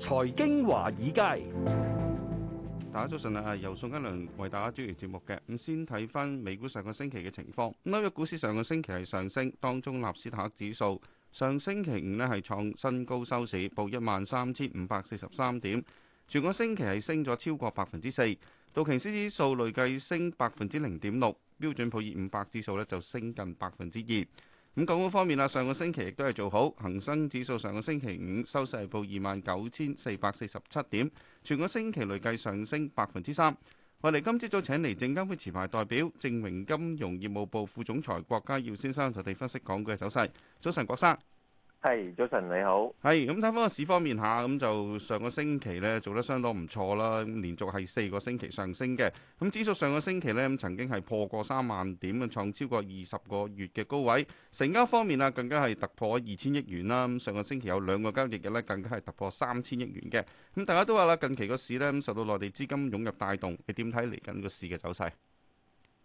財經華爾街，大家早晨啊！由宋一良為大家主持節目嘅。咁先睇翻美股上個星期嘅情況。紐約股市上個星期係上升，當中納斯塔克指數上星期五咧係創新高收市，報一萬三千五百四十三點，全個星期係升咗超過百分之四。道瓊斯指數累計升百分之零點六，標準普爾五百指數呢就升近百分之二。咁港股方面啦，上個星期亦都係做好，恒生指數上個星期五收市報二萬九千四百四十七點，全個星期累計上升百分之三。我哋今朝早請嚟證監會持牌代表正榮金融業務部副總裁郭家耀先生，就地分析港股嘅走勢。早晨，郭生。係早晨，你好。係咁睇翻個市方面下，咁就上個星期咧，做得相當唔錯啦，連續係四個星期上升嘅。咁指數上個星期咧，曾經係破過三萬點，創超過二十個月嘅高位。成交方面啊，更加係突破二千億元啦。咁上個星期有兩個交易日咧，更加係突破三千億元嘅。咁大家都話啦，近期個市咧，咁受到內地資金湧入帶動，你點睇嚟緊個市嘅走勢？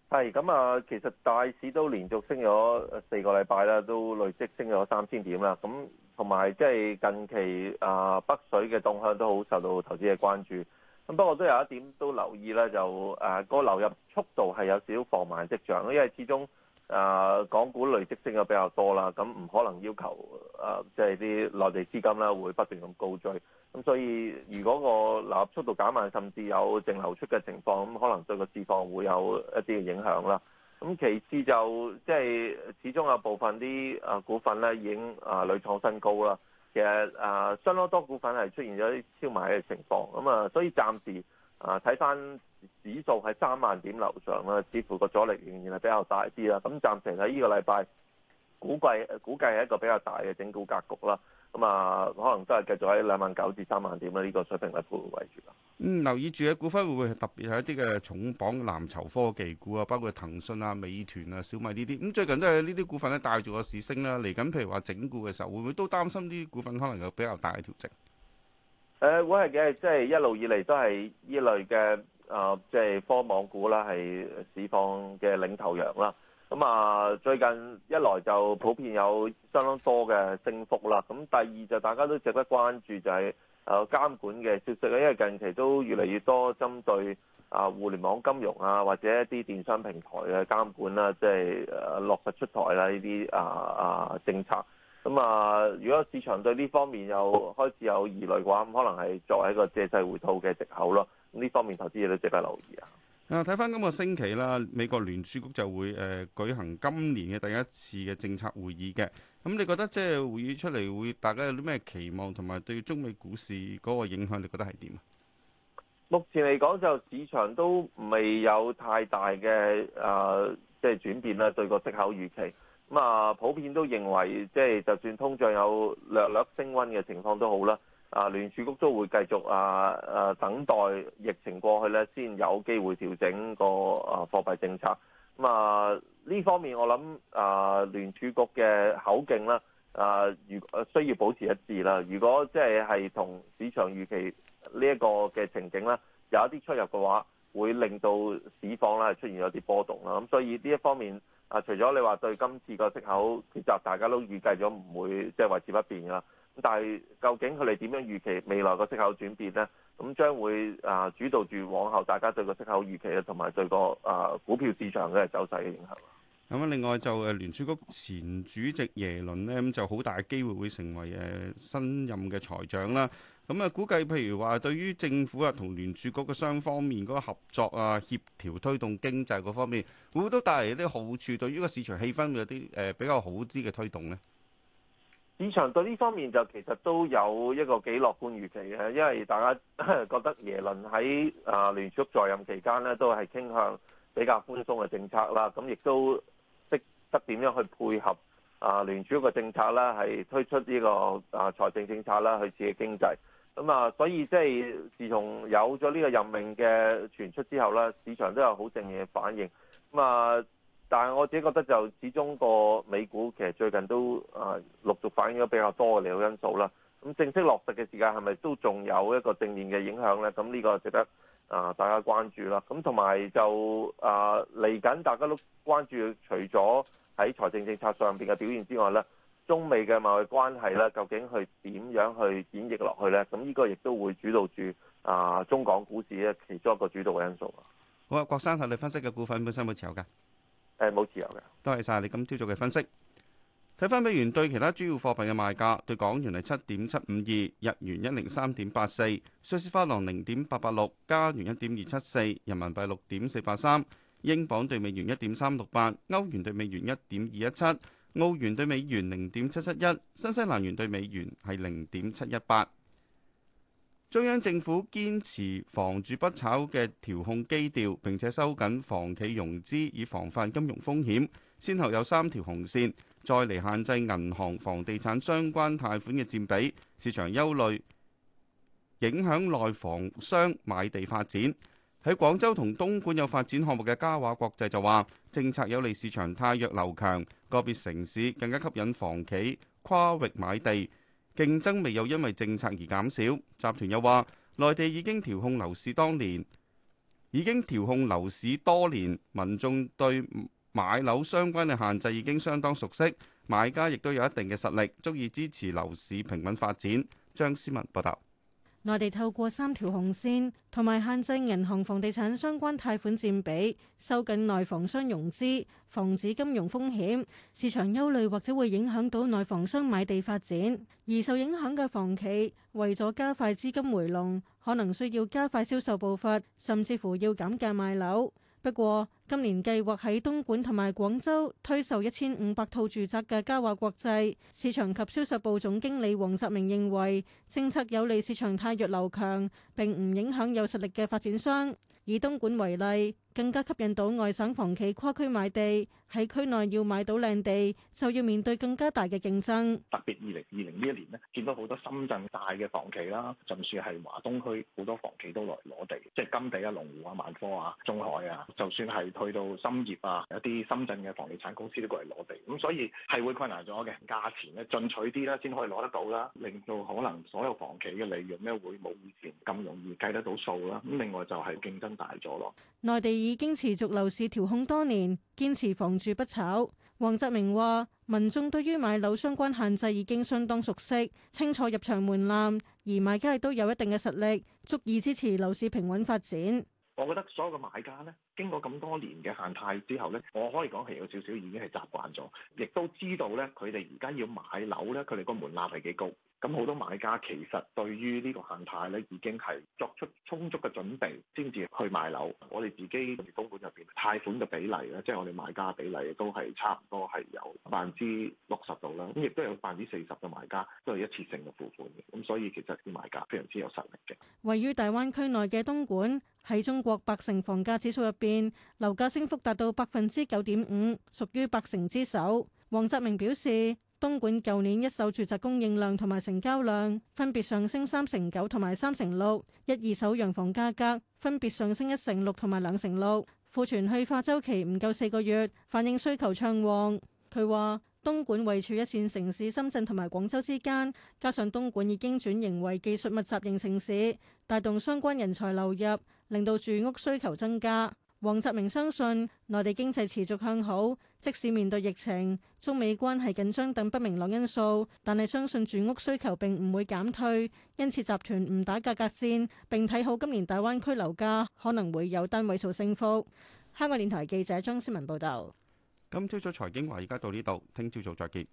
係咁啊，其實大市都連續升咗四個禮拜啦，都累積升咗三千點啦。咁同埋即係近期啊、呃、北水嘅動向都好受到投資嘅關注。咁不過都有一點都留意啦，就誒個、呃、流入速度係有少少放慢跡象，因為始終。啊，港股累積性嘅比較多啦，咁唔可能要求啊，即係啲內地資金啦，會不斷咁高追，咁所以如果個流入速度減慢，甚至有淨流出嘅情況，咁可能對個市況會有一啲嘅影響啦。咁其次就即係、就是、始終有部分啲啊股份咧已經啊累、呃、創新高啦。其實啊，相當、呃、多股份係出現咗啲超買嘅情況，咁啊，所以暫時啊睇返，呃指數喺三萬點樓上啦，似乎個阻力仍然係比較大啲啦。咁暫時喺呢個禮拜，估計估計係一個比較大嘅整固格局啦。咁、嗯、啊，可能都係繼續喺兩萬九至三萬點啦呢、這個水平嚟徘徊住啦。嗯，留意住嘅股份會唔會特別係一啲嘅重磅藍籌科技股啊，包括騰訊啊、美團啊、小米呢啲？咁、嗯、最近都係呢啲股份咧帶住個市升啦。嚟緊譬如話整固嘅時候，會唔會都擔心啲股份可能有比較大嘅調整？誒、呃，我係嘅，即、就、係、是、一路以嚟都係呢類嘅。啊，即、就、係、是、科網股啦，係市況嘅領頭羊啦。咁啊，最近一來就普遍有相當多嘅升幅啦。咁、啊、第二就大家都值得關注就係啊監管嘅消息啦，因為近期都越嚟越多針對啊互聯網金融啊或者一啲電商平台嘅監管啦、啊，即、就、係、是啊、落實出台啦呢啲啊啊政策。咁啊，如果市場對呢方面有開始有疑慮嘅話，咁可能係作為一個借勢回吐嘅藉口咯。呢方面投資嘢都值得留意啊！啊，睇翻今個星期啦，美國聯儲局就會誒舉行今年嘅第一次嘅政策會議嘅。咁你覺得即係會議出嚟會大家有啲咩期望，同埋對中美股市嗰個影響，你覺得係點啊？目前嚟講，就市場都未有太大嘅誒，即係轉變啦，對個息口預期。咁啊，普遍都認為，即係就算通脹有略略升溫嘅情況都好啦。啊，聯儲局都會繼續啊啊，等待疫情過去咧，先有機會調整個啊貨幣政策。咁啊，呢方面我諗啊，聯儲局嘅口徑啦，啊，如啊需要保持一致啦，如果即係係同市場預期呢一個嘅情景咧，有一啲出入嘅話。會令到市況咧出現有啲波動啦，咁所以呢一方面啊，除咗你話對今次個息口抉擇，大家都預計咗唔會即係維持不變啦。咁但係究竟佢哋點樣預期未來個息口轉變呢？咁將會啊主導住往後大家對個息口預期啊，同埋對個啊股票市場嘅走勢嘅影響。咁啊，另外就誒聯儲局前主席耶倫呢，咁就好大機會會成為誒新任嘅財長啦。咁啊，估計譬如話，對於政府啊同聯儲局嘅雙方面嗰個合作啊、協調推動經濟嗰方面，會唔會都帶嚟啲好處，對於個市場氣氛有啲誒比較好啲嘅推動咧。市場對呢方面就其實都有一個幾樂觀預期嘅，因為大家覺得耶倫喺啊聯儲在任期間咧，都係傾向比較寬鬆嘅政策啦。咁亦都識得點樣去配合啊聯儲局嘅政策啦，係推出呢個啊財政政策啦去刺激經濟。咁啊、嗯，所以即係自從有咗呢個任命嘅傳出之後咧，市場都有好正面嘅反應。咁、嗯、啊，但係我自己覺得就始終個美股其實最近都啊、呃、陸續反映咗比較多嘅利好因素啦。咁、嗯、正式落實嘅時間係咪都仲有一個正面嘅影響咧？咁、嗯、呢、呢個值得啊、呃、大家關注啦。咁同埋就啊嚟緊大家都關注，除咗喺財政政策上邊嘅表現之外咧。中美嘅貿易關係咧，究竟去點樣去演繹落去呢？咁呢個亦都會主導住啊、呃、中港股市嘅其中一個主導嘅因素。好啊，郭生睇你分析嘅股份本身有冇持有嘅？誒、呃，冇持有嘅。多謝晒你今朝早嘅分析。睇翻美元對其他主要貨幣嘅賣價，對港元係七點七五二，日元一零三點八四，瑞士法郎零點八八六，加元一點二七四，人民幣六點四八三，英鎊對美元一點三六八，歐元對美元一點二一七。澳元對美元零點七七一，新西蘭元對美元係零點七一八。中央政府堅持房住不炒嘅調控基調，並且收緊房企融資以防範金融風險。先後有三條紅線再嚟限制銀行房地產相關貸款嘅佔比，市場憂慮影響內房商買地發展。喺廣州同東莞有發展項目嘅嘉華國際就話，政策有利市場，汰弱留強，個別城市更加吸引房企跨域買地，競爭未有因為政策而減少。集團又話，內地已經調控樓市多年，已經調控樓市多年，民眾對買樓相關嘅限制已經相當熟悉，買家亦都有一定嘅實力，足以支持樓市平穩發展。張思文報道。內地透過三條紅線同埋限制銀行房地產相關貸款佔比，收緊內房商融資，防止金融風險。市場憂慮或者會影響到內房商買地發展，而受影響嘅房企為咗加快資金回籠，可能需要加快銷售步伐，甚至乎要減價賣樓。不過，今年計劃喺東莞同埋廣州推售一千五百套住宅嘅嘉華國際市場及銷售部總經理黃澤明認為，政策有利市場汰弱留強，並唔影響有實力嘅發展商。以東莞為例，更加吸引到外省房企跨區買地，喺區內要買到靚地，就要面對更加大嘅競爭。特別二零二零呢一年呢，見到好多深圳大嘅房企啦，就算係華東區好多房企都來攞地，即係金地啊、龍湖啊、萬科啊、中海啊，就算係去到深業啊，有啲深圳嘅房地產公司都過嚟攞地。咁所以係會困難咗嘅，價錢咧進取啲啦，先可以攞得到啦。令到可能所有房企嘅利潤咧會冇以前咁容易計得到數啦。咁另外就係競爭大咗咯。內地，已經持續樓市調控多年，堅持房住不炒。黃澤明話，民眾對於買樓相關限制已經相當熟悉，清楚入場門檻，而買家亦都有一定嘅實力，足以支持樓市平穩發展。我覺得所有嘅買家咧，經過咁多年嘅限貸之後咧，我可以講係有少少已經係習慣咗，亦都知道咧，佢哋而家要買樓咧，佢哋個門檻係幾高。咁好多買家其實對於呢個限貸咧，已經係作出充足嘅準備先至去買樓，我哋自己東莞入邊貸款嘅比例咧，即係我哋買家比例都係差唔多係有百分之六十度啦。咁亦都有百分之四十嘅買家都係一次性嘅付款嘅。咁所以其實啲買家非常之有實力嘅。位於大灣區內嘅東莞喺中國百城房價指數入邊樓價升幅達到百分之九點五，屬於百城之首。黃澤明表示。東莞舊年一手住宅供應量同埋成交量分別上升三成九同埋三成六，一二手洋房價格分別上升一成六同埋兩成六，庫存去化周期唔夠四個月，反映需求暢旺。佢話：東莞位處一線城市深圳同埋廣州之間，加上東莞已經轉型為技術密集型城市，帶動相關人才流入，令到住屋需求增加。黃澤明相信內地經濟持續向好，即使面對疫情、中美關係緊張等不明朗因素，但係相信住屋需求並唔會減退，因此集團唔打價格戰，並睇好今年大灣區樓價可能會有單位數升幅。香港電台記者張思文報道。今朝早財經話而家到呢度，聽朝早再見。